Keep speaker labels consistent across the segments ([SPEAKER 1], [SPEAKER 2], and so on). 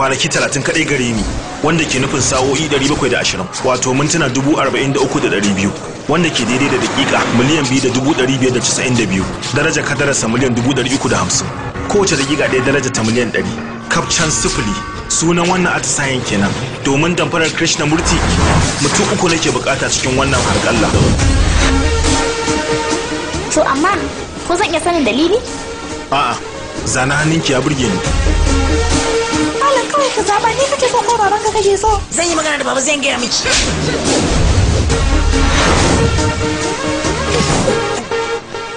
[SPEAKER 1] kwanaki 30 kadai gare ni wanda ke nufin sa'o'i 720 wato mintuna 43,200 wanda ke daidai da dakika miliyan 2,592 daraja kadararsa miliyan 350 kowace dakika ɗaya daraja ta miliyan 100 kapcan sifili sunan wannan atisayen kenan domin damfarar krishna murti mutum uku nake bukata cikin wannan harƙalla to amma ko zan iya sanin dalili a'a zana hannunki ya burge ni kawai ka zaɓa ni kake so ko baban ka kake so zan yi magana da baba zan gaya miki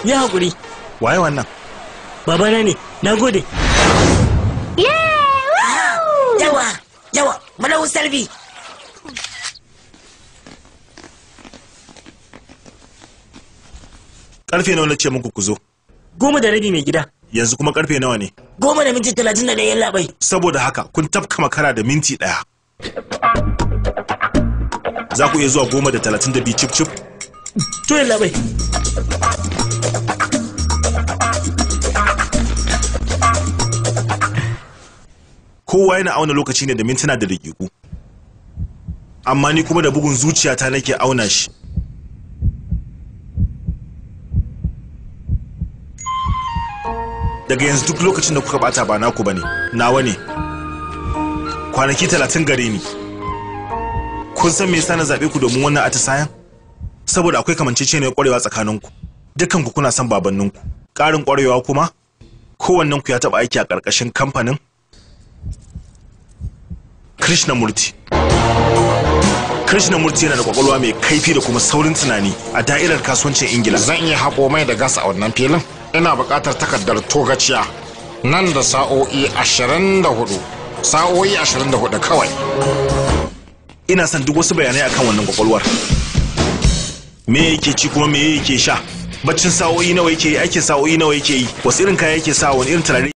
[SPEAKER 1] ya hakuri. waye wannan Baba na ne na gode yawa yawa malawu salbi karfe nawa na ce muku ku zo goma da rabi mai gida yanzu kuma karfe nawa ne goma da minti talatin da ɗaya labai saboda haka kun tafka makara da minti ɗaya za ku iya zuwa goma da talatin da biyu cip cip to labai kowa yana auna lokaci ne da mintuna da daƙiƙu amma ni kuma da bugun zuciyata nake auna shi daga yanzu duk lokacin da kuka bata ba naku bane nawa ne kwanaki talatin gare ni kun san me yasa na zaɓe ku domin wannan atisayen saboda akwai kamanceceniyar kwarewa tsakaninku dukanku kuna son babanninku ƙarin kwarewa kuma kowannenku ya taɓa aiki a ƙarƙashin kamfanin krishnamurti krishnamurti yana da kwakwalwa mai kaifi da kuma saurin tunani a da'irar kasuwancin ingila zan iya hako mai da gas a wannan filin ina buƙatar takardar togaciya nan da sa'o'i 24 sa'o'i 24 kawai ina son duk wasu bayanai akan wannan kwakwalwar me yake ci kuma me yake sha baccin sa'o'i nawa yake yi aikin sa'o'i nawa yake yi wasu irin kaya yake sa wani irin turare